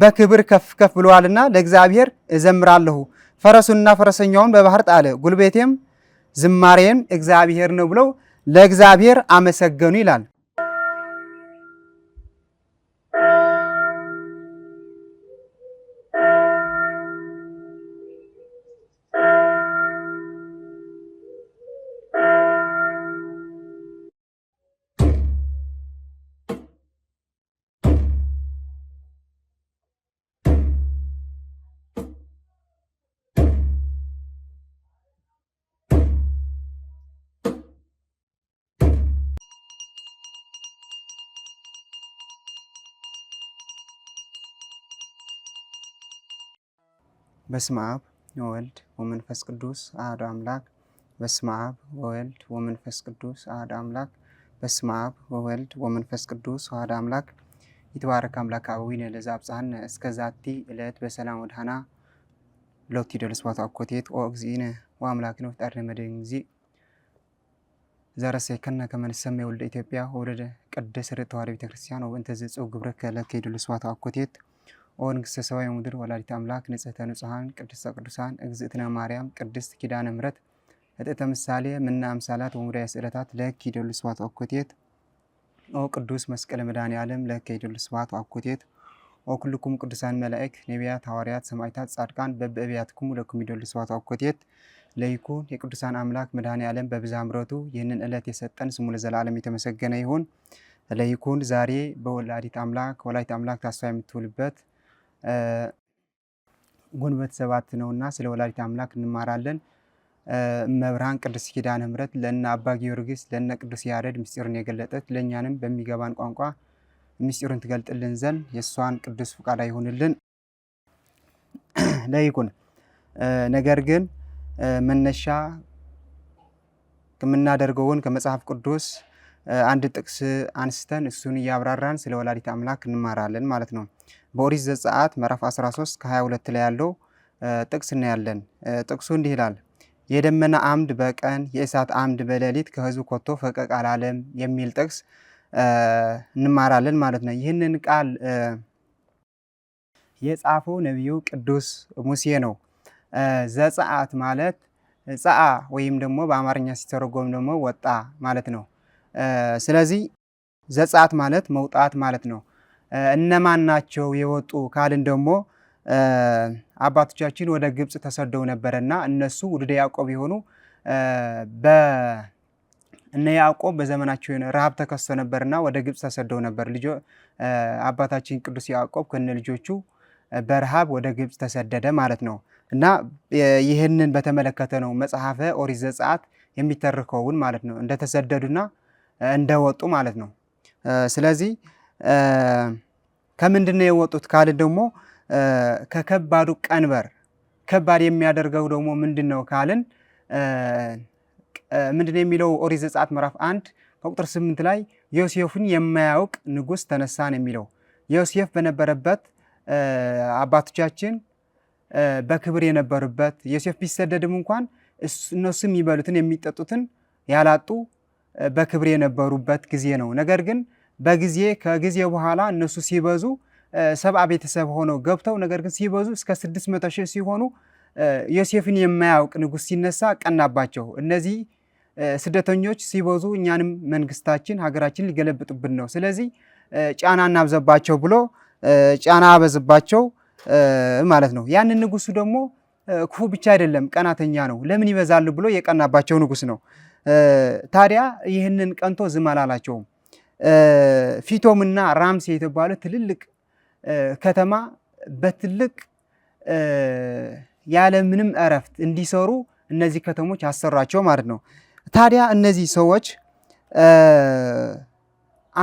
በክብር ከፍ ከፍ ብለዋልና ለእግዚአብሔር እዘምራለሁ። ፈረሱንና ፈረሰኛውን በባህር ጣለ፣ ጉልቤቴም ዝማሬም እግዚአብሔር ነው ብለው ለእግዚአብሔር አመሰገኑ ይላል። በስመ አብ ወወልድ ወመንፈስ ቅዱስ አሐዱ አምላክ። በስመ አብ ወወልድ ወመንፈስ ቅዱስ አሐዱ አምላክ። በስመ አብ ወወልድ ወመንፈስ ቅዱስ አሐዱ አምላክ። የተባረከ አምላክ አበዊነ ለዛ አብጽሐነ እስከ ዛቲ ዕለት በሰላም ወድኃና ሎቲደልስ ዋታ ኮቴት ኦ እግዚእነ ወአምላክነ ወፍጠርነ መድን ጊዜ ዘረሰይከነ ከመን ንሰመይ ወልደ ኢትዮጵያ ወለደ ቅድስት ርትዕት ተዋሕዶ ቤተክርስቲያን ወእንተ ዘጽኡ ግብርከ ለከ ይድሉስ ዋታ ኮቴት ኦ ንግሥተ ሰማይ ወምድር ወላዲተ አምላክ ንጽሕተ ንጹሐን ቅድስተ ቅዱሳን እግዝእትነ ማርያም ቅድስት ኪዳነ ምሕረት እጥእተ ምሳሌ ምና አምሳላት ወሙዳየ ስእለታት ለህክ ይደሉ ስዋት አኩቴት ኦ ቅዱስ መስቀል መድኃኔ ዓለም ለህክ ይደሉ ስዋት አኩቴት ኦ ኩልኩም ቅዱሳን መላእክት፣ ነቢያት፣ ሐዋርያት፣ ሰማዕታት፣ ጻድቃን በበአብያትኩሙ ለኩም ይደሉ ስዋት አኩቴት ለይኩን የቅዱሳን አምላክ መድኃኔ ዓለም በብዛ ምሕረቱ ይህንን ዕለት የሰጠን ስሙ ለዘላለም የተመሰገነ ይሁን። ለይኩን ዛሬ በወላዲት አምላክ ወላዲት አምላክ ታስፋ የምትውልበት ጉንበት ሰባት ነውና ስለ ወላዲት አምላክ እንማራለን። መብርሃን ቅዱስ ኪዳነ ምሕረት ለእነ አባ ጊዮርጊስ ለእነ ቅዱስ ያሬድ ምስጢሩን የገለጠት ለእኛንም በሚገባን ቋንቋ ምስጢሩን ትገልጥልን ዘንድ የእሷን ቅዱስ ፍቃድ ይሁንልን ለይኩን። ነገር ግን መነሻ ከምናደርገውን ከመጽሐፍ ቅዱስ አንድ ጥቅስ አንስተን እሱን እያብራራን ስለ ወላዲት አምላክ እንማራለን ማለት ነው። በኦሪት ዘጸአት ምዕራፍ 13 ከ22 ላይ ያለው ጥቅስ እናያለን። ጥቅሱ እንዲህ ይላል፣ የደመና አምድ በቀን የእሳት አምድ በሌሊት ከህዝብ ኮቶ ፈቀቅ አላለም የሚል ጥቅስ እንማራለን ማለት ነው። ይህንን ቃል የጻፈው ነቢዩ ቅዱስ ሙሴ ነው። ዘጸአት ማለት ጸአ ወይም ደግሞ በአማርኛ ሲተረጎም ደግሞ ወጣ ማለት ነው። ስለዚህ ዘጻት ማለት መውጣት ማለት ነው። እነማን ናቸው የወጡ ካልን ደግሞ አባቶቻችን ወደ ግብፅ ተሰደው ነበረና እነሱ ውድደ ያዕቆብ የሆኑ እነ ያዕቆብ በዘመናቸው ረሃብ ተከስቶ ነበርና ወደ ግብፅ ተሰደው ነበር። አባታችን ቅዱስ ያዕቆብ ከነ ልጆቹ በረሃብ ወደ ግብፅ ተሰደደ ማለት ነው እና ይህንን በተመለከተ ነው መጽሐፈ ኦሪት ዘጸአት የሚተርከውን ማለት ነው እንደተሰደዱና እንደወጡ ማለት ነው። ስለዚህ ከምንድን ነው የወጡት ካልን ደግሞ ከከባዱ ቀንበር ከባድ የሚያደርገው ደግሞ ምንድን ነው ካልን ምንድን ነው የሚለው ኦሪት ዘጸአት ምዕራፍ አንድ ከቁጥር ስምንት ላይ ዮሴፍን የማያውቅ ንጉሥ ተነሳ ነው የሚለው። ዮሴፍ በነበረበት አባቶቻችን በክብር የነበሩበት ዮሴፍ ቢሰደድም እንኳን እነሱ የሚበሉትን የሚጠጡትን ያላጡ በክብር የነበሩበት ጊዜ ነው። ነገር ግን በጊዜ ከጊዜ በኋላ እነሱ ሲበዙ ሰብአ ቤተሰብ ሆነው ገብተው ነገር ግን ሲበዙ እስከ ስድስት ሺህ ሲሆኑ ዮሴፍን የማያውቅ ንጉሥ ሲነሳ ቀናባቸው። እነዚህ ስደተኞች ሲበዙ እኛንም መንግስታችን፣ ሀገራችን ሊገለብጡብን ነው፣ ስለዚህ ጫና እናብዘባቸው ብሎ ጫና አበዝባቸው ማለት ነው። ያንን ንጉሱ ደግሞ ክፉ ብቻ አይደለም ቀናተኛ ነው። ለምን ይበዛሉ ብሎ የቀናባቸው ንጉስ ነው። ታዲያ ይህንን ቀንቶ ዝም አላላቸውም። ፊቶምና ራምሴ የተባለ ትልልቅ ከተማ በትልቅ ያለምንም እረፍት እንዲሰሩ እነዚህ ከተሞች አሰሯቸው ማለት ነው። ታዲያ እነዚህ ሰዎች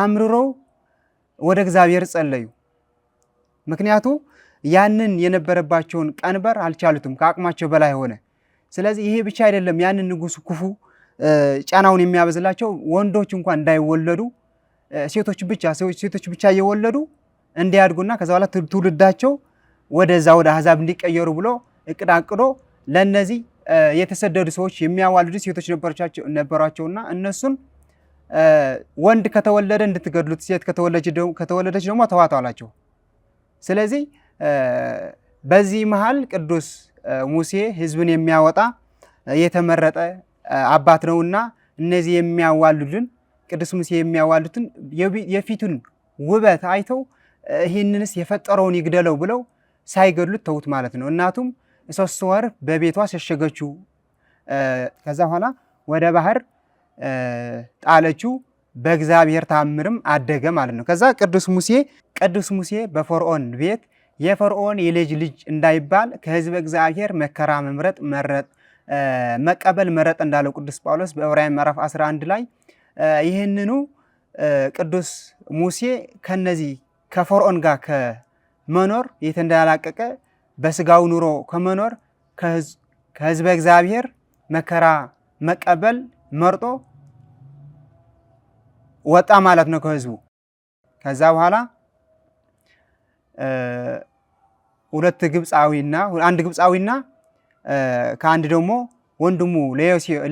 አምርረው ወደ እግዚአብሔር ጸለዩ። ምክንያቱ ያንን የነበረባቸውን ቀንበር አልቻሉትም፣ ከአቅማቸው በላይ ሆነ። ስለዚህ ይሄ ብቻ አይደለም ያንን ንጉሥ ክፉ ጫናውን የሚያበዝላቸው ወንዶች እንኳን እንዳይወለዱ ሴቶች ብቻ ሴቶች ብቻ እየወለዱ እንዲያድጉና ከዛ በኋላ ትውልዳቸው ወደዛ ወደ አህዛብ እንዲቀየሩ ብሎ እቅድ አቅዶ ለእነዚህ የተሰደዱ ሰዎች የሚያዋልዱ ሴቶች ነበሯቸውና እነሱን ወንድ ከተወለደ እንድትገድሉት፣ ሴት ከተወለደች ደግሞ ተዋት አላቸው። ስለዚህ በዚህ መሀል ቅዱስ ሙሴ ህዝብን የሚያወጣ የተመረጠ አባት ነውና እነዚህ የሚያዋሉልን ቅዱስ ሙሴ የሚያዋሉትን የፊቱን ውበት አይተው ይህንንስ የፈጠረውን ይግደለው ብለው ሳይገድሉት ተዉት ማለት ነው። እናቱም ሶስት ወር በቤቷ ሸሸገችው። ከዛ በኋላ ወደ ባህር ጣለችው። በእግዚአብሔር ታምርም አደገ ማለት ነው። ከዛ ቅዱስ ሙሴ ቅዱስ ሙሴ በፈርዖን ቤት የፈርዖን የልጅ ልጅ እንዳይባል ከህዝብ እግዚአብሔር መከራ መምረጥ መረጥ መቀበል መረጥ እንዳለው ቅዱስ ጳውሎስ በዕብራውያን ምዕራፍ 11 ላይ ይህንኑ ቅዱስ ሙሴ ከነዚህ ከፈርዖን ጋር ከመኖር እንዳላቀቀ በስጋው ኑሮ ከመኖር ከህዝበ እግዚአብሔር መከራ መቀበል መርጦ ወጣ ማለት ነው ከህዝቡ ከዛ በኋላ ሁለት ግብፃዊና አንድ ግብፃዊና ከአንድ ደግሞ ወንድሙ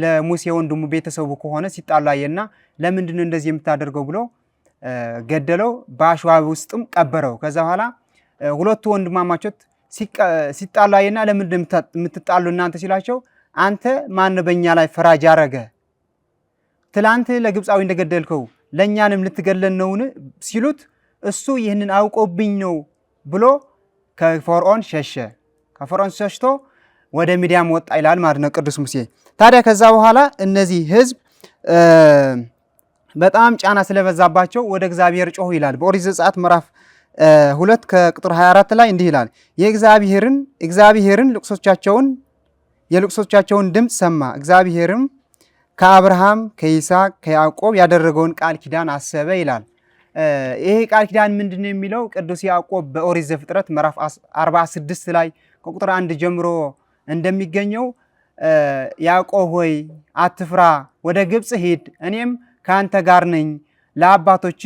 ለሙሴ ወንድሙ ቤተሰቡ ከሆነ ሲጣሉ አየና ለምንድን እንደዚህ የምታደርገው ብሎ ገደለው። በአሸዋ ውስጥም ቀበረው። ከዛ በኋላ ሁለቱ ወንድማማቾት ሲጣሉ አየና ለምንድን የምትጣሉ እናንተ ሲላቸው አንተ ማን በእኛ ላይ ፈራጅ አረገ? ትላንት ለግብፃዊ እንደገደልከው ለእኛንም ልትገለን ነውን? ሲሉት እሱ ይህንን አውቆብኝ ነው ብሎ ከፈርዖን ሸሸ። ከፈርዖን ሸሽቶ ወደ ሚዲያም ወጣ ይላል ማለት ነው ቅዱስ ሙሴ። ታዲያ ከዛ በኋላ እነዚህ ህዝብ በጣም ጫና ስለበዛባቸው ወደ እግዚአብሔር ጮሁ ይላል። በኦሪት ዘጸአት ምዕራፍ ሁለት ከቁጥር 24 ላይ እንዲህ ይላል የእግዚአብሔርን እግዚአብሔርን ልቅሶቻቸውን የልቅሶቻቸውን ድምፅ ሰማ። እግዚአብሔርም ከአብርሃም ከይስሐቅ ከያዕቆብ ያደረገውን ቃል ኪዳን አሰበ ይላል። ይሄ ቃል ኪዳን ምንድን ነው የሚለው ቅዱስ ያዕቆብ በኦሪት ዘፍጥረት ምዕራፍ 46 ላይ ከቁጥር አንድ ጀምሮ እንደሚገኘው ያዕቆብ ሆይ አትፍራ፣ ወደ ግብፅ ሂድ፣ እኔም ከአንተ ጋር ነኝ፣ ለአባቶች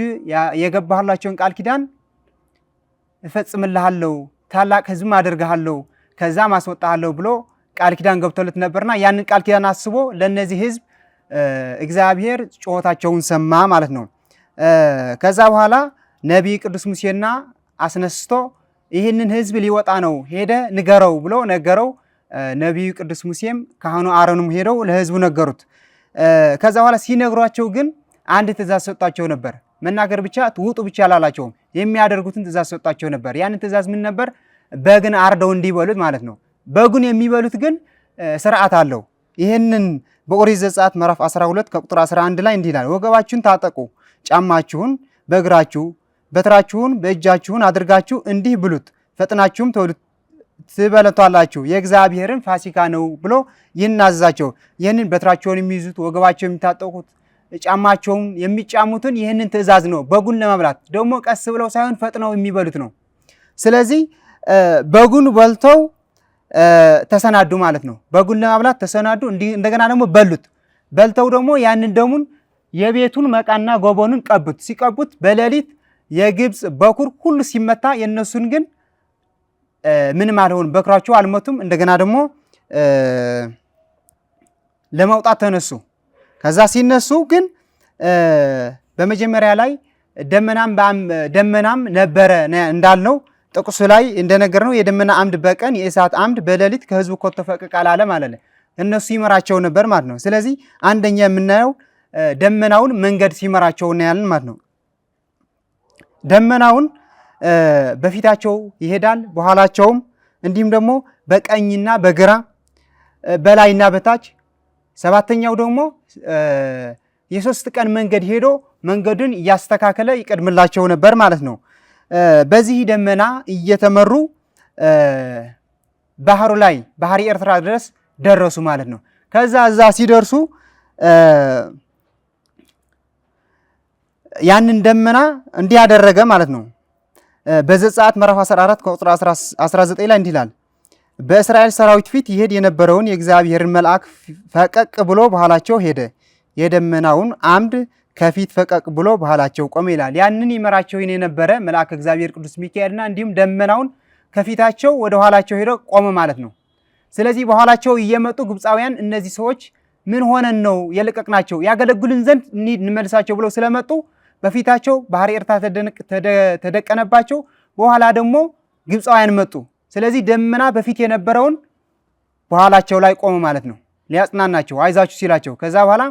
የገባህላቸውን ቃል ኪዳን እፈጽምልሃለሁ፣ ታላቅ ሕዝብም አደርግሃለሁ፣ ከዛም አስወጣሃለሁ ብሎ ቃል ኪዳን ገብቶለት ነበርና ያንን ቃል ኪዳን አስቦ ለእነዚህ ሕዝብ እግዚአብሔር ጩኸታቸውን ሰማ ማለት ነው። ከዛ በኋላ ነቢይ ቅዱስ ሙሴና አስነስቶ ይህንን ሕዝብ ሊወጣ ነው ሄደ ንገረው ብሎ ነገረው። ነቢዩ ቅዱስ ሙሴም ካህኑ አሮንም ሄደው ለህዝቡ ነገሩት። ከዛ በኋላ ሲነግሯቸው ግን አንድ ትእዛዝ ሰጧቸው ነበር። መናገር ብቻ ውጡ ብቻ አላላቸውም። የሚያደርጉትን ትእዛዝ ሰጧቸው ነበር። ያንን ትእዛዝ ምን ነበር? በግን አርደው እንዲበሉት ማለት ነው። በጉን የሚበሉት ግን ስርዓት አለው። ይህንን በኦሪት ዘጸአት ምዕራፍ 12 ከቁጥር 11 ላይ እንዲህ ይላል፣ ወገባችሁን ታጠቁ፣ ጫማችሁን በእግራችሁ በትራችሁን በእጃችሁን አድርጋችሁ እንዲህ ብሉት፣ ፈጥናችሁም ትበለቷላችሁ የእግዚአብሔርን ፋሲካ ነው ብሎ ይህን አዘዛቸው። ይህንን በትራቸውን የሚይዙት ወገባቸው የሚታጠቁት ጫማቸውን የሚጫሙትን ይህንን ትእዛዝ ነው። በጉን ለመብላት ደግሞ ቀስ ብለው ሳይሆን ፈጥነው የሚበሉት ነው። ስለዚህ በጉን በልተው ተሰናዱ ማለት ነው። በጉን ለመብላት ተሰናዱ። እንደገና ደግሞ በሉት። በልተው ደግሞ ያንን ደሙን የቤቱን መቃና ጎበኑን ቀቡት። ሲቀቡት በሌሊት የግብፅ በኩር ሁሉ ሲመታ የእነሱን ግን ምንም አልሆን በክሯቸው አልመቱም። እንደገና ደግሞ ለመውጣት ተነሱ። ከዛ ሲነሱ ግን በመጀመሪያ ላይ ደመናም ደመናም ነበረ እንዳልነው ጥቅሱ ላይ እንደነገር ነው የደመና አምድ በቀን የእሳት አምድ በሌሊት ከህዝቡ ኮተፈቀቅ አላለ ማለት ነው። እነሱ ይመራቸው ነበር ማለት ነው። ስለዚህ አንደኛ የምናየው ደመናውን መንገድ ሲመራቸው እናያለን ማለት ነው። ደመናውን በፊታቸው ይሄዳል፣ በኋላቸውም እንዲሁም ደግሞ በቀኝና በግራ በላይና በታች። ሰባተኛው ደግሞ የሶስት ቀን መንገድ ሄዶ መንገዱን እያስተካከለ ይቀድምላቸው ነበር ማለት ነው። በዚህ ደመና እየተመሩ ባህሩ ላይ ባህሪ ኤርትራ ድረስ ደረሱ ማለት ነው። ከዛ እዛ ሲደርሱ ያንን ደመና እንዲህ ማለት ነው። በዘጸአት ምዕራፍ 14 ቁጥር 19 ላይ እንዲህ ይላል፣ በእስራኤል ሰራዊት ፊት ይሄድ የነበረውን የእግዚአብሔርን መልአክ ፈቀቅ ብሎ በኋላቸው ሄደ፣ የደመናውን አምድ ከፊት ፈቀቅ ብሎ በኋላቸው ቆመ ይላል። ያንን ይመራቸው የነበረ መልአክ እግዚአብሔር ቅዱስ ሚካኤልና እንዲሁም ደመናውን ከፊታቸው ወደ ኋላቸው ሄደ ቆመ ማለት ነው። ስለዚህ በኋላቸው እየመጡ ግብፃውያን እነዚህ ሰዎች ምን ሆነን ነው የለቀቅናቸው? ያገለግሉን ዘንድ እንመልሳቸው ብለው ስለመጡ በፊታቸው ባህር ኤርትራ ተደቀነባቸው። በኋላ ደግሞ ግብፃውያን መጡ። ስለዚህ ደመና በፊት የነበረውን በኋላቸው ላይ ቆመ ማለት ነው። ሊያጽናናቸው አይዛችሁ ሲላቸው ከዛ በኋላ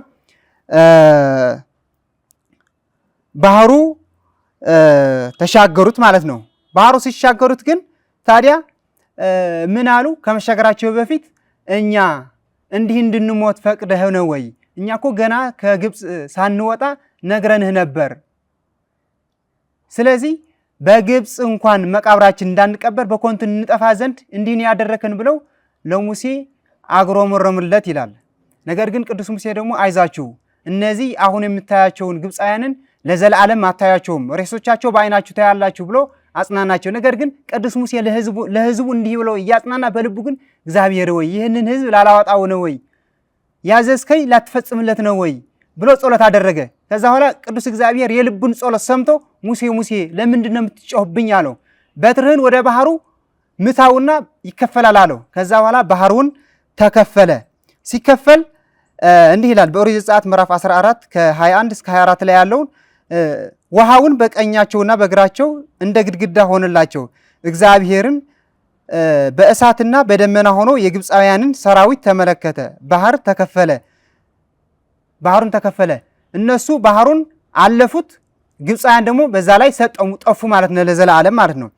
ባህሩ ተሻገሩት ማለት ነው። ባህሩ ሲሻገሩት ግን ታዲያ ምን አሉ? ከመሻገራቸው በፊት እኛ እንዲህ እንድንሞት ፈቅደህ ነው ወይ? እኛ እኮ ገና ከግብፅ ሳንወጣ ነግረንህ ነበር። ስለዚህ በግብፅ እንኳን መቃብራችን እንዳንቀበር በኮንቱ እንጠፋ ዘንድ እንዲህን ያደረከን ብለው ለሙሴ አግሮመረሙለት ይላል። ነገር ግን ቅዱስ ሙሴ ደግሞ አይዛችሁ እነዚህ አሁን የምታያቸውን ግብፃውያንን ለዘላለም አታያቸውም፣ ሬሶቻቸው በአይናችሁ ታያላችሁ ብሎ አጽናናቸው። ነገር ግን ቅዱስ ሙሴ ለህዝቡ እንዲህ ብለው እያጽናና በልቡ ግን እግዚአብሔር ወይ ይህንን ህዝብ ላላወጣው ነው ወይ ያዘዝከኝ ላትፈጽምለት ነው ወይ ብሎ ጸሎት አደረገ። ከዛ ኋላ ቅዱስ እግዚአብሔር የልቡን ጸሎት ሰምቶ ሙሴ ሙሴ ለምንድን ነው የምትጮህብኝ አለው። በትርህን ወደ ባህሩ ምታውና ይከፈላል አለው። ከዛ በኋላ ባህሩን ተከፈለ። ሲከፈል እንዲህ ይላል በኦሪት ዘጸአት ምዕራፍ 14 ከ21 እስከ 24 ላይ ያለውን ውሃውን በቀኛቸውና በግራቸው እንደ ግድግዳ ሆነላቸው። እግዚአብሔርም በእሳትና በደመና ሆኖ የግብፃውያንን ሰራዊት ተመለከተ። ባህር ተከፈለ። ባህሩን ተከፈለ። እነሱ ባህሩን አለፉት። ግብፃውያን ደግሞ በዛ ላይ ሰጠሙ ጠፉ ማለት ነው ለዘላለም ማለት ነው።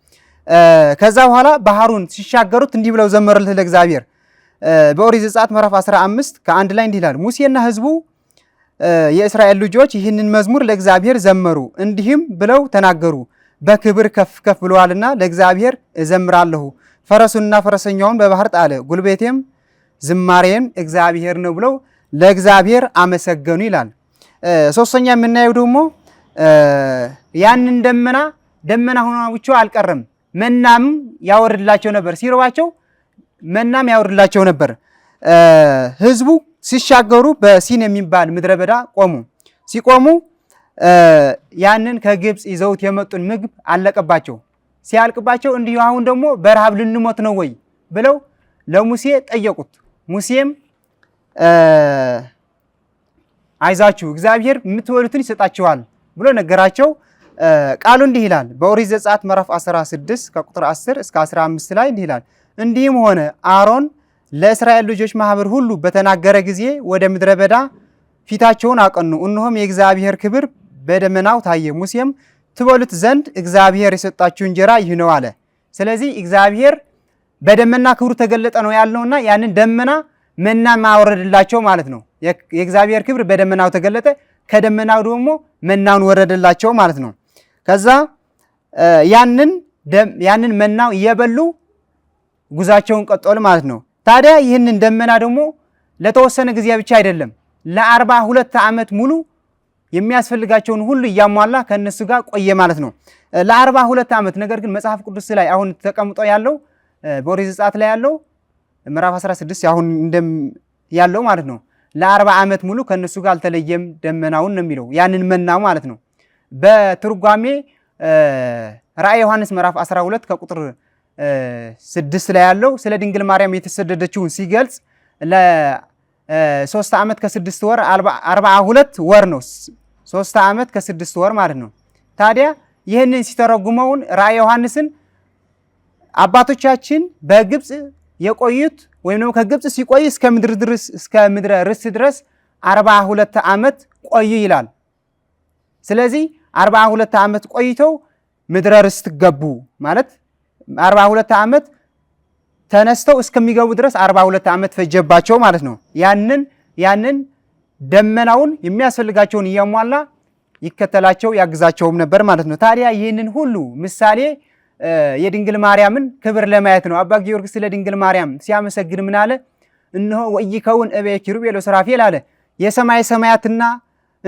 ከዛ በኋላ ባህሩን ሲሻገሩት እንዲህ ብለው ዘመሩለት ለእግዚአብሔር። በኦሪት ዘጸአት ምዕራፍ 15 ከአንድ ላይ እንዲህ ይላል ሙሴና ህዝቡ የእስራኤል ልጆች ይህንን መዝሙር ለእግዚአብሔር ዘመሩ፣ እንዲህም ብለው ተናገሩ በክብር ከፍ ከፍ ብለዋልና ለእግዚአብሔር እዘምራለሁ። ፈረሱንና ፈረሰኛውን በባህር ጣለ፣ ጉልቤቴም ዝማሬም እግዚአብሔር ነው ብለው ለእግዚአብሔር አመሰገኑ ይላል። ሶስተኛ የምናየው ደግሞ ያንን ደመና ደመና ሆኖ ብቻ አልቀረም፣ መናም ያወርድላቸው ነበር። ሲርባቸው መናም ያወርድላቸው ነበር። ህዝቡ ሲሻገሩ በሲን የሚባል ምድረ በዳ ቆሙ። ሲቆሙ ያንን ከግብፅ ይዘውት የመጡን ምግብ አለቀባቸው። ሲያልቅባቸው እንዲሁ አሁን ደግሞ በረሃብ ልንሞት ነው ወይ ብለው ለሙሴ ጠየቁት። ሙሴም አይዛችሁ እግዚአብሔር የምትበሉትን ይሰጣችኋል ብሎ ነገራቸው። ቃሉ እንዲህ ይላል በኦሪት ዘጸአት ምዕራፍ 16 ከቁጥር 10 እስከ 15 ላይ እንዲህ ይላል፣ እንዲህም ሆነ አሮን ለእስራኤል ልጆች ማህበር ሁሉ በተናገረ ጊዜ ወደ ምድረ በዳ ፊታቸውን አቀኑ፣ እነሆም የእግዚአብሔር ክብር በደመናው ታየ። ሙሴም ትበሉት ዘንድ እግዚአብሔር የሰጣችሁ እንጀራ ይህ ነው አለ። ስለዚህ እግዚአብሔር በደመና ክብሩ ተገለጠ ነው ያለውና ያንን ደመና መና ማወረድላቸው ማለት ነው። የእግዚአብሔር ክብር በደመናው ተገለጠ፣ ከደመናው ደግሞ መናውን ወረደላቸው ማለት ነው። ከዛ ያንን ያንን መናው እየበሉ ጉዛቸውን ቀጠሉ ማለት ነው። ታዲያ ይህንን ደመና ደግሞ ለተወሰነ ጊዜ ብቻ አይደለም ለአርባ ሁለት ዓመት ሙሉ የሚያስፈልጋቸውን ሁሉ እያሟላ ከእነሱ ጋር ቆየ ማለት ነው። ለአርባ ሁለት ዓመት ነገር ግን መጽሐፍ ቅዱስ ላይ አሁን ተቀምጦ ያለው በኦሪት ዘጸአት ላይ ያለው ምዕራፍ 16 አሁን እንደም ያለው ማለት ነው። ለአርባ ዓመት ሙሉ ከእነሱ ጋር አልተለየም ደመናውን ነው የሚለው ያንን መና ማለት ነው። በትርጓሜ ራእይ ዮሐንስ ምዕራፍ 12 ከቁጥር ስድስት ላይ ያለው ስለ ድንግል ማርያም የተሰደደችውን ሲገልጽ ለሶስት ዓመት ከስድስት ወር አርባ ሁለት ወር ነው። ሶስት ዓመት ከስድስት ወር ማለት ነው። ታዲያ ይህንን ሲተረጉመውን ራእይ ዮሐንስን አባቶቻችን በግብፅ የቆዩት ወይም ደግሞ ከግብፅ ሲቆይ እስከ ምድረ ርስ ድረስ አርባ ሁለት ዓመት ቆዩ ይላል። ስለዚህ አርባ ሁለት ዓመት ቆይተው ምድረ ርስት ገቡ ማለት አርባ ሁለት ዓመት ተነስተው እስከሚገቡ ድረስ አርባ ሁለት ዓመት ፈጀባቸው ማለት ነው። ያንን ያንን ደመናውን የሚያስፈልጋቸውን እያሟላ ይከተላቸው ያግዛቸውም ነበር ማለት ነው። ታዲያ ይህንን ሁሉ ምሳሌ የድንግል ማርያምን ክብር ለማየት ነው። አባ ጊዮርጊስ ስለ ድንግል ማርያም ሲያመሰግን ምን አለ? እነሆ ወኢይከውን እበ ኪሩቤል ወሱራፌል አለ። የሰማይ ሰማያትና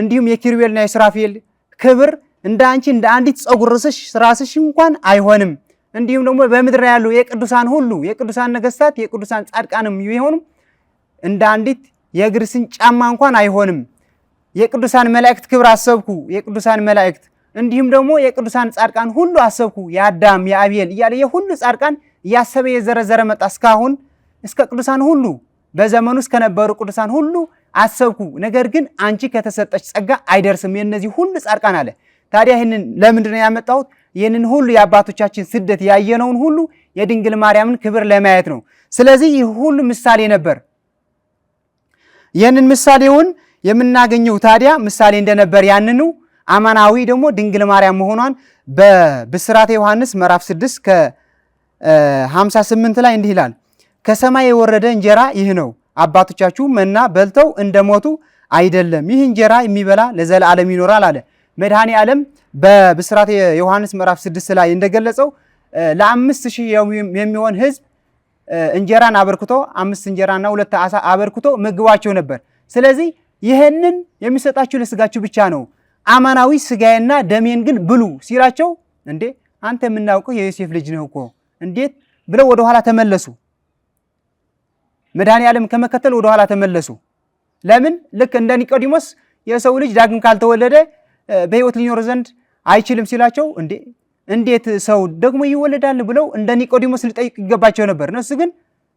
እንዲሁም የኪሩቤልና የሱራፌል ክብር እንደ አንቺ እንደ አንዲት ጸጉር ራስሽ እንኳን አይሆንም። እንዲሁም ደግሞ በምድር ያሉ የቅዱሳን ሁሉ የቅዱሳን ነገስታት የቅዱሳን ጻድቃንም ቢሆኑም እንደ አንዲት የእግር ጫማ እንኳን አይሆንም። የቅዱሳን መላእክት ክብር አሰብኩ የቅዱሳን መላእክት እንዲሁም ደግሞ የቅዱሳን ጻድቃን ሁሉ አሰብኩ የአዳም የአቤል እያለ የሁሉ ጻድቃን እያሰበ የዘረዘረ መጣ። እስካሁን እስከ ቅዱሳን ሁሉ በዘመኑ ውስጥ ከነበሩ ቅዱሳን ሁሉ አሰብኩ፣ ነገር ግን አንቺ ከተሰጠች ጸጋ አይደርስም የእነዚህ ሁሉ ጻድቃን አለ። ታዲያ ይህንን ለምንድነው ያመጣሁት? ይህንን ሁሉ የአባቶቻችን ስደት ያየነውን ሁሉ የድንግል ማርያምን ክብር ለማየት ነው። ስለዚህ ይህ ሁሉ ምሳሌ ነበር። ይህንን ምሳሌውን የምናገኘው ታዲያ ምሳሌ እንደነበር ያንኑ አማናዊ ደግሞ ድንግል ማርያም መሆኗን በብስራተ ዮሐንስ ምዕራፍ 6 ከ58 ላይ እንዲህ ይላል፣ ከሰማይ የወረደ እንጀራ ይህ ነው፣ አባቶቻችሁ መና በልተው እንደሞቱ አይደለም፣ ይህ እንጀራ የሚበላ ለዘላለም ይኖራል አለ። መድኃኔ ዓለም በብስራተ ዮሐንስ ምዕራፍ 6 ላይ እንደገለጸው ለአምስት ሺህ የሚሆን ህዝብ እንጀራን አበርክቶ አምስት እንጀራና ሁለት አሳ አበርክቶ መግቧቸው ነበር። ስለዚህ ይህንን የሚሰጣችሁ ለስጋችሁ ብቻ ነው አማናዊ ስጋዬና ደሜን ግን ብሉ ሲላቸው እንዴ አንተ የምናውቀው የዮሴፍ ልጅ ነው እኮ እንዴት ብለው ወደኋላ ተመለሱ። መድኃኔ ዓለም ከመከተል ወደኋላ ተመለሱ። ለምን? ልክ እንደ ኒቆዲሞስ የሰው ልጅ ዳግም ካልተወለደ በሕይወት ሊኖር ዘንድ አይችልም ሲላቸው እንዴ እንዴት ሰው ደግሞ ይወለዳል ብለው እንደ ኒቆዲሞስ ሊጠይቅ ይገባቸው ነበር። እነሱ ግን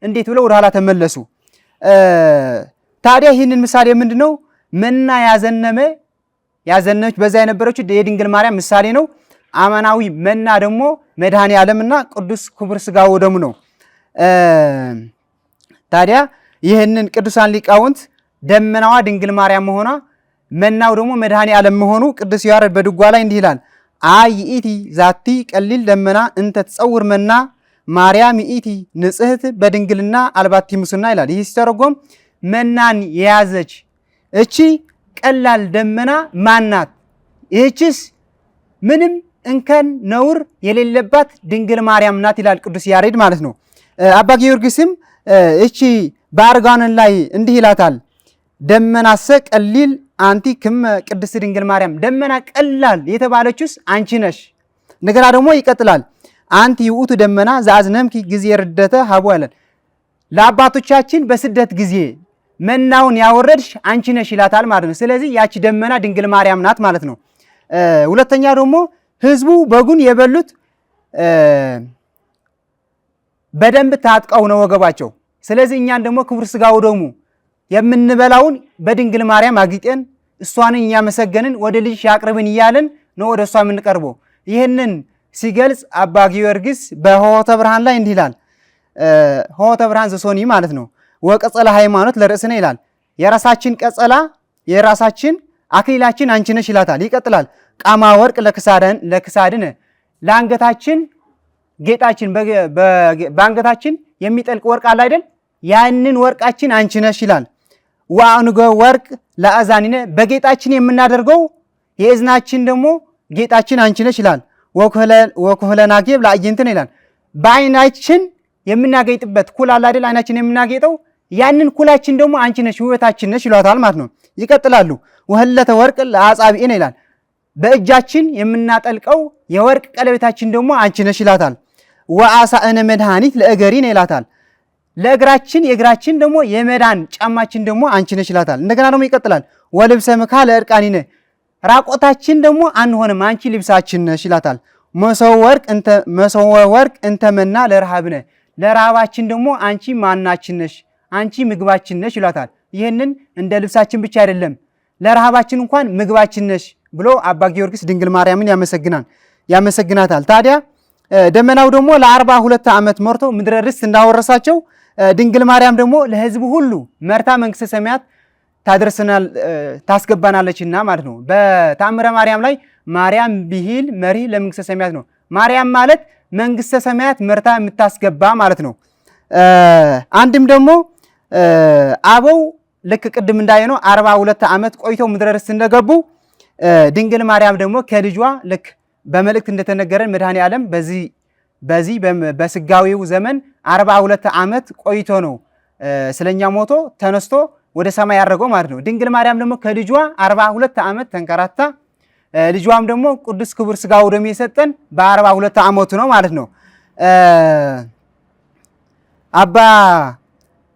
እንዴት ብለው ወደኋላ ተመለሱ። ታዲያ ይህንን ምሳሌ ምንድን ነው? መና ያዘነመ ያዘነች በዛ የነበረች የድንግል ማርያም ምሳሌ ነው። አማናዊ መና ደግሞ መድኃኔ ዓለምና ቅዱስ ክቡር ስጋው ደሙ ነው። ታዲያ ይህንን ቅዱሳን ሊቃውንት ደመናዋ ድንግል ማርያም መሆኗ መናው ደግሞ መድኃኔ ዓለም መሆኑ ቅዱስ ያሬድ በድጓ ላይ እንዲህ ይላል። አይ ይእቲ ዛቲ ቀሊል ደመና እንተ ትጸውር መና ማርያም ይእቲ ንጽህት በድንግልና አልባቲ ሙስና ይላል። ይህ ሲተረጎም መናን የያዘች እቺ ቀላል ደመና ማናት? ይህችስ ምንም እንከን ነውር የሌለባት ድንግል ማርያም ናት ይላል ቅዱስ ያሬድ ማለት ነው። አባ ጊዮርጊስም እቺ በአርጋኖን ላይ እንዲህ ይላታል። ደመናሰ ቀሊል አንቲ ክመ ቅድስት ድንግል ማርያም፣ ደመና ቀላል የተባለችውስ አንቺ ነሽ። እንደገና ደግሞ ይቀጥላል። አንቲ ውእቱ ደመና ዘአዝነምኪ ጊዜ ርደተ ሀቡ አለን ለአባቶቻችን በስደት ጊዜ መናውን ያወረድሽ አንቺ ነሽ ይላታል ማለት ነው። ስለዚህ ያቺ ደመና ድንግል ማርያም ናት ማለት ነው። ሁለተኛ ደግሞ ህዝቡ በጉን የበሉት በደንብ ታጥቀው ነው ወገባቸው። ስለዚህ እኛን ደግሞ ክቡር ስጋው ደግሞ የምንበላውን በድንግል ማርያም አግጤን እሷንን እያመሰገንን ወደ ልጅ አቅርብን እያለን ነው ወደ እሷ የምንቀርበው። ይህንን ሲገልጽ አባ ጊዮርጊስ በሆተ ብርሃን ላይ እንዲህ ይላል። ሆተ ብርሃን ዘሶኒ ማለት ነው ወቀጸላ ሃይማኖት ለርእስነ ይላል። የራሳችን ቀጸላ የራሳችን አክሊላችን አንቺ ነሽ ይላታል። ይቀጥላል። ቃማ ወርቅ ለክሳደን ለክሳድነ ለአንገታችን ጌጣችን በአንገታችን የሚጠልቅ ወርቅ አለ አይደል? ያንን ወርቃችን አንቺ ነሽ ይላል። ወአንጎ ወርቅ ለአዛኒነ በጌጣችን የምናደርገው የእዝናችን ደግሞ ጌጣችን አንቺ ነሽ ይላል። ወኩህለናጌብ ለአዕይንትነ ይላል። በአይናችን የምናጌጥበት ኩል አለ አይደል? አይናችን የምናጌጠው ያንን ኩላችን ደግሞ አንቺ ነሽ ውበታችን ነሽ ይሏታል ማለት ነው። ይቀጥላሉ ወህለተ ወርቅ ለአጻብዕነ ይላል። በእጃችን የምናጠልቀው የወርቅ ቀለቤታችን ደግሞ አንቺ ነሽ ይላታል። ወአሳእነ መድኃኒት ለእገሪነ ይላታል። ለእግራችን የእግራችን ደግሞ የመዳን ጫማችን ደግሞ አንቺ ነሽ ይላታል። እንደገና ደግሞ ይቀጥላል ወልብሰ ምካ ለእርቃኒነ ራቆታችን ደግሞ አንሆንም አንቺ ልብሳችን ነሽ ይላታል። መሰወ ወርቅ እንተመና ለረሃብነ ለረሃባችን ደግሞ አንቺ ማናችን ነሽ አንቺ ምግባችን ነሽ ይሏታል። ይህንን እንደ ልብሳችን ብቻ አይደለም ለረሃባችን እንኳን ምግባችን ነሽ ብሎ አባ ጊዮርጊስ ድንግል ማርያምን ያመሰግናል ያመሰግናታል። ታዲያ ደመናው ደግሞ ለአርባ ሁለት ዓመት መርቶ ምድረ ርስት እንዳወረሳቸው ድንግል ማርያም ደግሞ ለሕዝቡ ሁሉ መርታ መንግስተ ሰማያት ታደርሰናል ታስገባናለችና ማለት ነው። በታምረ ማርያም ላይ ማርያም ብሂል መሪ ለመንግስተ ሰማያት ነው። ማርያም ማለት መንግስተ ሰማያት መርታ የምታስገባ ማለት ነው። አንድም ደግሞ አበው ልክ ቅድም እንዳየነው አርባ ሁለት ዓመት ቆይተው ምድረ ርስት እንደገቡ ድንግል ማርያም ደግሞ ከልጇ ልክ በመልእክት እንደተነገረን መድኃኔ ዓለም በዚህ በዚህ በስጋዊው ዘመን አርባ ሁለት ዓመት ቆይቶ ነው ስለኛ ሞቶ ተነስቶ ወደ ሰማይ ያደረገው ማለት ነው። ድንግል ማርያም ደግሞ ከልጇ አርባ ሁለት ዓመት ተንከራታ ልጇም ደግሞ ቅዱስ ክቡር ስጋው ደም የሰጠን በአርባ ሁለት ዓመቱ ነው ማለት ነው። አባ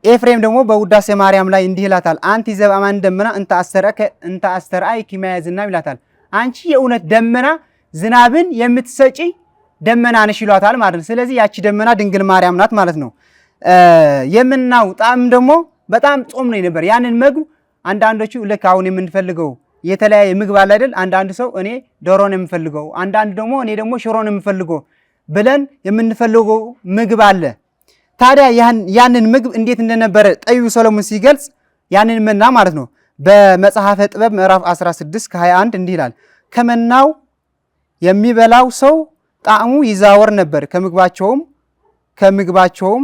ኤፍሬም ደግሞ በውዳሴ ማርያም ላይ እንዲህ ይላታል፣ አንቲ ዘበአማን ደመና እንተ አስተርአይ ኪማያ ዝናብ ይላታል። አንቺ የእውነት ደመና ዝናብን የምትሰጪ ደመና ነሽ ይሏታል ማለት ነው። ስለዚህ ያቺ ደመና ድንግል ማርያም ናት ማለት ነው። የምናው ጣም ደግሞ በጣም ጾም ነው ነበር። ያንን ምግብ አንዳንዶቹ ልክ አሁን የምንፈልገው የተለያየ ምግብ አለ አይደል? አንዳንድ ሰው እኔ ዶሮን የምፈልገው፣ አንዳንድ ደግሞ እኔ ደግሞ ሽሮን የምፈልገው ብለን የምንፈልገው ምግብ አለ ታዲያ ያንን ምግብ እንዴት እንደነበረ ጠዩ ሰሎሞን ሲገልጽ ያንን መና ማለት ነው በመጽሐፈ ጥበብ ምዕራፍ 16 ከ21 እንዲህ ይላል። ከመናው የሚበላው ሰው ጣዕሙ ይዛወር ነበር፣ ከምግባቸውም ከምግባቸውም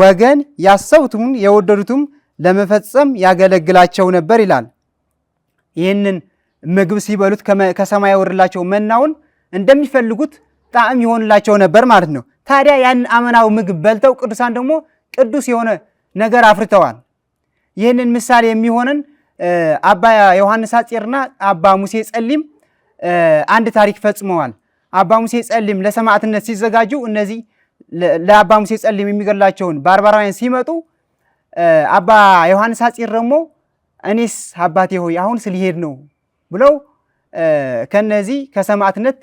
ወገን ያሰቡትም የወደዱትም ለመፈጸም ያገለግላቸው ነበር ይላል። ይህንን ምግብ ሲበሉት ከሰማይ ያወርላቸው መናውን እንደሚፈልጉት ጣዕም ይሆንላቸው ነበር ማለት ነው። ታዲያ ያን አመናዊ ምግብ በልተው ቅዱሳን ደግሞ ቅዱስ የሆነ ነገር አፍርተዋል። ይህንን ምሳሌ የሚሆነን አባ ዮሐንስ አጼርና አባ ሙሴ ጸሊም አንድ ታሪክ ፈጽመዋል። አባ ሙሴ ጸሊም ለሰማዕትነት ሲዘጋጁ እነዚህ ለአባ ሙሴ ጸሊም የሚገላቸውን ባርባራውያን ሲመጡ አባ ዮሐንስ አጼር ደግሞ እኔስ አባቴ ሆይ አሁን ስሊሄድ ነው ብለው ከነዚህ ከሰማዕትነት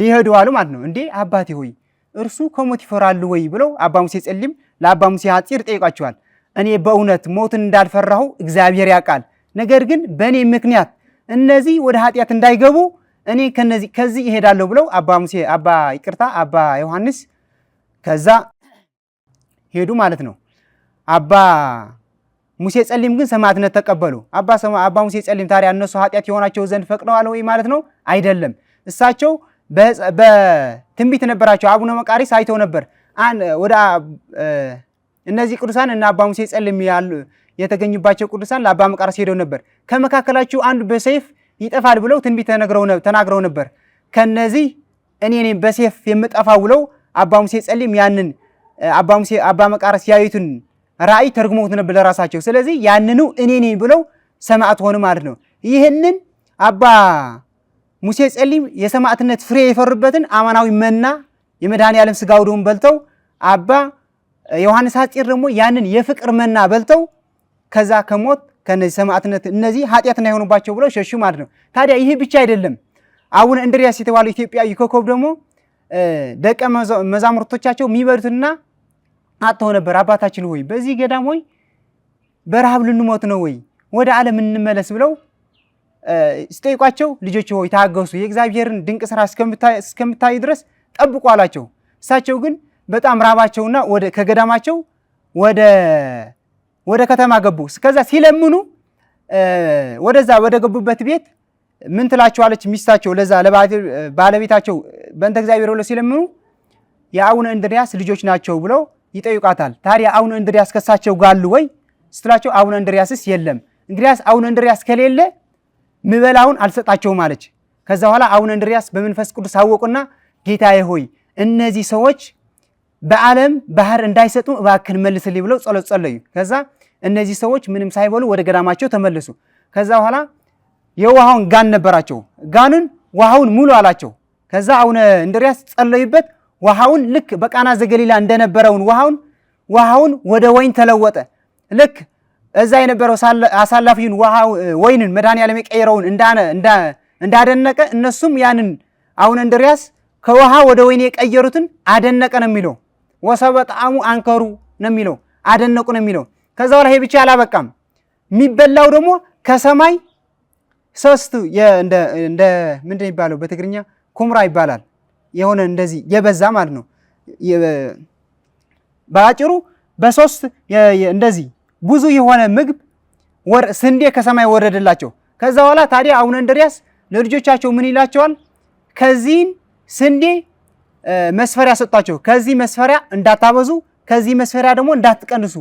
ሊሄዱ አሉ ማለት ነው። እንዴ አባቴ ሆይ እርሱ ከሞት ይፈራሉ ወይ ብለው አባ ሙሴ ጸሊም ለአባ ሙሴ ሐጺር ጠይቋቸዋል። እኔ በእውነት ሞትን እንዳልፈራሁ እግዚአብሔር ያውቃል። ነገር ግን በእኔ ምክንያት እነዚህ ወደ ኃጢአት እንዳይገቡ እኔ ከዚህ ይሄዳለሁ ብለው አባ ሙሴ አባ ይቅርታ አባ ዮሐንስ ከዛ ሄዱ ማለት ነው። አባ ሙሴ ጸሊም ግን ሰማዕትነት ተቀበሉ። አባ ሙሴ ጸሊም ታዲያ እነሱ ኃጢአት የሆናቸው ዘንድ ፈቅደዋል ወይ ማለት ነው? አይደለም እሳቸው በትንቢት ነበራቸው። አቡነ መቃሪስ አይተው ነበር። ወደ እነዚህ ቅዱሳን እና አባ ሙሴ ጸልም ያሉ የተገኙባቸው ቅዱሳን ለአባ መቃሪስ ሄደው ነበር። ከመካከላችሁ አንዱ በሰይፍ ይጠፋል ብለው ትንቢት ተናግረው ነበር። ከነዚህ እኔ በሴፍ በሰይፍ የምጠፋው ብለው አባ ሙሴ ጸልም ያንን አባ ሙሴ አባ ያዩትን ራእይ ተርጉሞት ነበር ለራሳቸው። ስለዚህ ያንኑ እኔ ብለው ሰማዕት ሆኑ ማለት ነው። ይህንን አባ ሙሴ ጸሊም የሰማዕትነት ፍሬ የፈሩበትን አማናዊ መና የመድኃኔ ዓለም ስጋ ደሙን በልተው አባ ዮሐንስ ሐጺር ደግሞ ያንን የፍቅር መና በልተው ከዛ ከሞት ከነዚህ ሰማዕትነት እነዚህ ኃጢአትና የሆኑባቸው ብለው ሸሹ ማለት ነው። ታዲያ ይህ ብቻ አይደለም። አቡነ እንድርያስ የተባሉ ኢትዮጵያዊ ኮከብ ደግሞ ደቀ መዛሙርቶቻቸው የሚበሉትና አጥተው ነበር። አባታችን ሆይ በዚህ ገዳም ሆይ በረሃብ ልንሞት ነው ወይ ወደ ዓለም እንመለስ ብለው ሲጠይቋቸው ልጆች ሆይ ታገሱ፣ የእግዚአብሔርን ድንቅ ስራ እስከምታይ ድረስ ጠብቁ አላቸው። እሳቸው ግን በጣም ራባቸውና ከገዳማቸው ወደ ከተማ ገቡ። ከዛ ሲለምኑ ወደዛ ወደ ገቡበት ቤት ምን ትላቸዋለች ሚስታቸው ለዛ ባለቤታቸው በእንተ እግዚአብሔር ብለው ሲለምኑ የአቡነ እንድሪያስ ልጆች ናቸው ብለው ይጠይቋታል። ታዲያ አቡነ እንድሪያስ ከሳቸው ጋሉ ወይ ስትላቸው አቡነ እንድሪያስስ የለም። እንግዲያስ አቡነ እንድሪያስ ከሌለ ምበላውን አልሰጣቸውም አለች። ከዛ በኋላ አቡነ እንድሪያስ በመንፈስ ቅዱስ አወቁና ጌታዬ ሆይ እነዚህ ሰዎች በዓለም ባህር እንዳይሰጡ እባክን መልስልኝ ብለው ጸሎት ጸለዩ። ከዛ እነዚህ ሰዎች ምንም ሳይበሉ ወደ ገዳማቸው ተመለሱ። ከዛ በኋላ የውሃውን ጋን ነበራቸው። ጋኑን ውሃውን ሙሉ አላቸው። ከዛ አቡነ እንድሪያስ ጸለዩበት። ውሃውን ልክ በቃና ዘገሊላ እንደነበረውን ውሃውን ውሃውን ወደ ወይን ተለወጠ ልክ እዛ የነበረው አሳላፊውን ውሃ ወይንን መድኃኔዓለም የቀየረውን እንዳደነቀ እነሱም ያንን አቡነ እንድርያስ ከውሃ ወደ ወይን የቀየሩትን አደነቀ ነው የሚለው። ወሰበ ጣዕሙ አንከሩ ነው የሚለው፣ አደነቁ ነው የሚለው። ከዛ ላይ ብቻ አላበቃም። የሚበላው ደግሞ ከሰማይ ሶስት እንደ ምንድን ይባለው በትግርኛ ኩምራ ይባላል። የሆነ እንደዚህ የበዛ ማለት ነው። በአጭሩ በሶስት እንደዚህ ብዙ የሆነ ምግብ ስንዴ ከሰማይ ወረደላቸው። ከዛ በኋላ ታዲያ አቡነ እንድርያስ ለልጆቻቸው ምን ይላቸዋል? ከዚህን ስንዴ መስፈሪያ ሰጧቸው። ከዚህ መስፈሪያ እንዳታበዙ፣ ከዚህ መስፈሪያ ደግሞ እንዳትቀንሱ።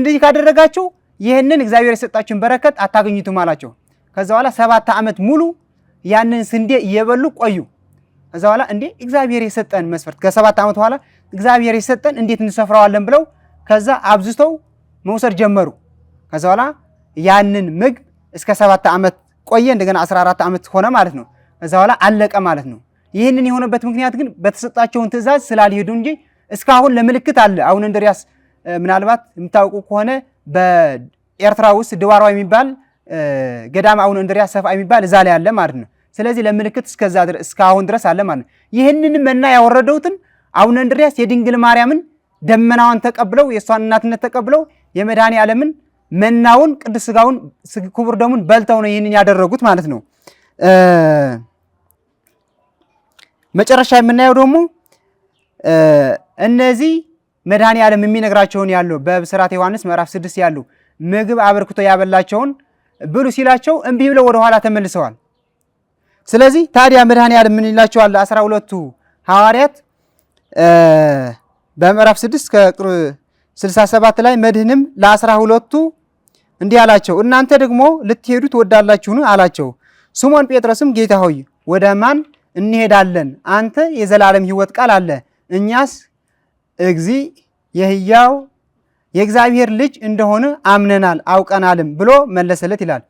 እንደዚህ ካደረጋችሁ ይህንን እግዚአብሔር የሰጣችሁን በረከት አታገኙትም አላቸው። ከዛ በኋላ ሰባት ዓመት ሙሉ ያንን ስንዴ እየበሉ ቆዩ። ከዛ በኋላ እንዴ እግዚአብሔር የሰጠን መስፈርት ከሰባት ዓመት በኋላ እግዚአብሔር የሰጠን እንዴት እንሰፍረዋለን ብለው ከዛ አብዝተው መውሰድ ጀመሩ። ከዛ በኋላ ያንን ምግብ እስከ ሰባት ዓመት ቆየ። እንደገና 14 ዓመት ሆነ ማለት ነው። ከዛ በኋላ አለቀ ማለት ነው። ይህንን የሆነበት ምክንያት ግን በተሰጣቸውን ትእዛዝ ስላልሄዱ እንጂ እስካሁን ለምልክት አለ። አሁን እንድሪያስ ምናልባት የምታውቁ ከሆነ በኤርትራ ውስጥ ድዋሯ የሚባል ገዳም አሁን እንድሪያስ ሰፋ የሚባል እዛ ላይ አለ ማለት ነው። ስለዚህ ለምልክት እስከዛ እስካሁን ድረስ አለ ማለት ነው። ይህንን መና ያወረደውትን አቡነ እንድሪያስ የድንግል ማርያምን ደመናዋን ተቀብለው የእሷን እናትነት ተቀብለው የመድኃኔ ዓለምን መናውን ቅዱስ ስጋውን ክቡር ደሙን በልተው ነው ይህንን ያደረጉት ማለት ነው። መጨረሻ የምናየው ደግሞ እነዚህ መድኃኔ ዓለም የሚነግራቸውን ያለው በብስራተ ዮሐንስ ምዕራፍ ስድስት ያሉ ምግብ አበርክቶ ያበላቸውን ብሉ ሲላቸው እምቢ ብለው ወደኋላ ተመልሰዋል። ስለዚህ ታዲያ መድኃኔ ዓለም ምን ይላቸዋል? አስራ ሁለቱ ሐዋርያት በምዕራፍ ስድስት 67 ላይ መድህንም ለአስራ ሁለቱ እንዲህ አላቸው፣ እናንተ ደግሞ ልትሄዱ ትወዳላችሁን? አላቸው። ስሞን ጴጥሮስም ጌታ ሆይ ወደ ማን እንሄዳለን? አንተ የዘላለም ሕይወት ቃል አለ፣ እኛስ እግዚ የህያው የእግዚአብሔር ልጅ እንደሆነ አምነናል አውቀናልም ብሎ መለሰለት ይላል።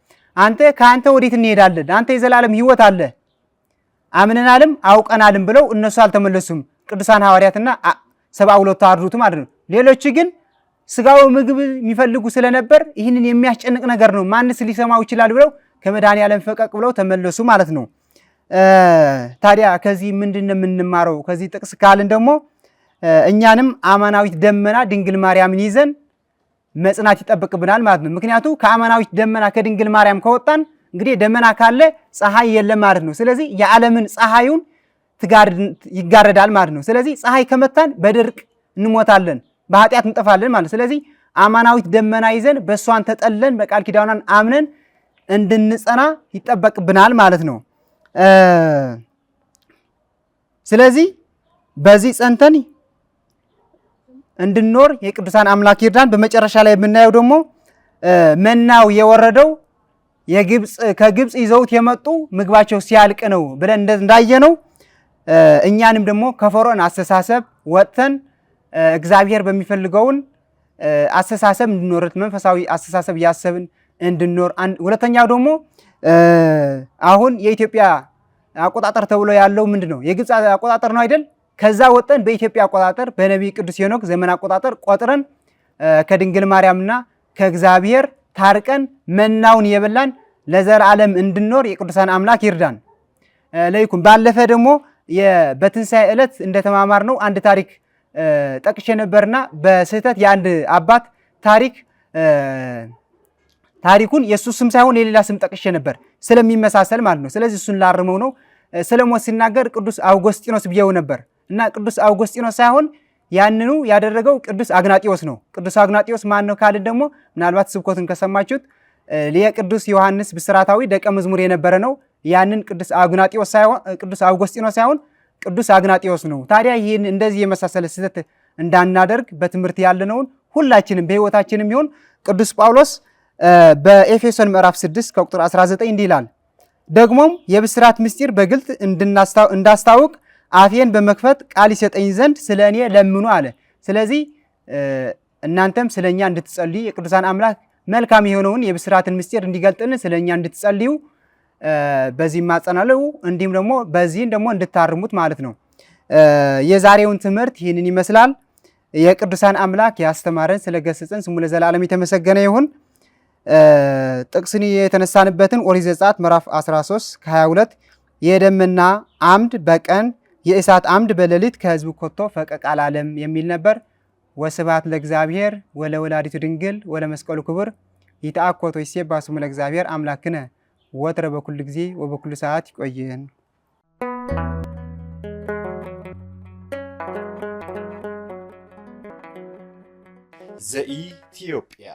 አንተ ከአንተ ወዴት እንሄዳለን? አንተ የዘላለም ሕይወት አለ፣ አምነናልም አውቀናልም ብለው እነሱ አልተመለሱም። ቅዱሳን ሐዋርያትና ሰብአ ሁለቱ አርድእቱ ማለት ነው። ሌሎች ግን ስጋው ምግብ የሚፈልጉ ስለነበር ይህንን የሚያስጨንቅ ነገር ነው፣ ማንስ ሊሰማው ይችላል ብለው ከመድኃኔዓለም ፈቀቅ ብለው ተመለሱ ማለት ነው። ታዲያ ከዚህ ምንድን ነው የምንማረው? ከዚህ ጥቅስ ካልን ደግሞ እኛንም አማናዊት ደመና ድንግል ማርያምን ይዘን መጽናት ይጠብቅብናል ማለት ነው። ምክንያቱ ከአማናዊት ደመና ከድንግል ማርያም ከወጣን እንግዲህ ደመና ካለ ፀሐይ የለም ማለት ነው። ስለዚህ የዓለምን ፀሐዩን ይጋረዳል ማለት ነው። ስለዚህ ፀሐይ ከመታን በድርቅ እንሞታለን። በኃጢአት እንጠፋለን ማለት። ስለዚህ አማናዊት ደመና ይዘን በእሷን ተጠለን በቃል ኪዳኗን አምነን እንድንጸና ይጠበቅብናል ማለት ነው። ስለዚህ በዚህ ጸንተን እንድንኖር የቅዱሳን አምላክ ይርዳን። በመጨረሻ ላይ የምናየው ደግሞ መናው የወረደው ከግብፅ ይዘውት የመጡ ምግባቸው ሲያልቅ ነው ብለን ነው። እኛንም ደግሞ ከፈርዖን አስተሳሰብ ወጥተን እግዚአብሔር በሚፈልገውን አስተሳሰብ እንድኖረት መንፈሳዊ አስተሳሰብ እያሰብን እንድኖር፣ ሁለተኛው ደግሞ አሁን የኢትዮጵያ አቆጣጠር ተብሎ ያለው ምንድን ነው? የግብፅ አቆጣጠር ነው አይደል? ከዛ ወጠን በኢትዮጵያ አቆጣጠር በነቢይ ቅዱስ ሄኖክ ዘመን አቆጣጠር ቆጥረን ከድንግል ማርያምና ከእግዚአብሔር ታርቀን መናውን የበላን ለዘላለም እንድኖር የቅዱሳን አምላክ ይርዳን። ለይኩም ባለፈ ደግሞ በትንሣኤ ዕለት እንደተማማር ነው አንድ ታሪክ ጠቅሼ ነበርና በስህተት የአንድ አባት ታሪክ ታሪኩን የእሱ ስም ሳይሆን የሌላ ስም ጠቅሼ ነበር ስለሚመሳሰል ማለት ነው። ስለዚህ እሱን ላርመው ነው። ስለ ሞት ሲናገር ቅዱስ አውጎስጢኖስ ብየው ነበር እና ቅዱስ አውጎስጢኖስ ሳይሆን ያንኑ ያደረገው ቅዱስ አግናጢዎስ ነው። ቅዱስ አግናጢዎስ ማን ነው ካልን ደግሞ ምናልባት ስብኮትን ከሰማችሁት የቅዱስ ዮሐንስ ብስራታዊ ደቀ መዝሙር የነበረ ነው። ያንን ቅዱስ አግናጢዎስ ሳይሆን ቅዱስ አውጎስጢኖስ ሳይሆን ቅዱስ አግናጢዎስ ነው። ታዲያ ይህን እንደዚህ የመሳሰለ ስህተት እንዳናደርግ በትምህርት ያለነውን ሁላችንም በህይወታችንም ይሁን ቅዱስ ጳውሎስ በኤፌሶን ምዕራፍ 6 ከቁጥር 19 እንዲህ ይላል፣ ደግሞም የብስራት ምስጢር በግልጥ እንዳስታውቅ አፌን በመክፈት ቃል ይሰጠኝ ዘንድ ስለ እኔ ለምኑ አለ። ስለዚህ እናንተም ስለ እኛ እንድትጸልዩ የቅዱሳን አምላክ መልካም የሆነውን የብስራትን ምስጢር እንዲገልጥልን ስለ እኛ እንድትጸልዩ በዚህ ማጸናለው እንዲሁም ደግሞ በዚህን ደግሞ እንድታርሙት ማለት ነው። የዛሬውን ትምህርት ይህንን ይመስላል። የቅዱሳን አምላክ ያስተማረን ስለገሰጸን ስሙ ለዘላለም የተመሰገነ ይሁን። ጥቅስን የተነሳንበትን ኦሪት ዘጸአት ምዕራፍ 13 ከ22 የደምና አምድ በቀን የእሳት አምድ በሌሊት ከሕዝቡ ኮቶ ፈቀቅ አላለም የሚል ነበር። ወስብሐት ለእግዚአብሔር ወለወላዲቱ ድንግል ወለመስቀሉ ክቡር ይትአኮቶ ይሴባ ስሙ ለእግዚአብሔር አምላክነ ወትረ በኩሉ ጊዜ ወበኩሉ ሰዓት ይቆየን። ዘኢትዮጵያ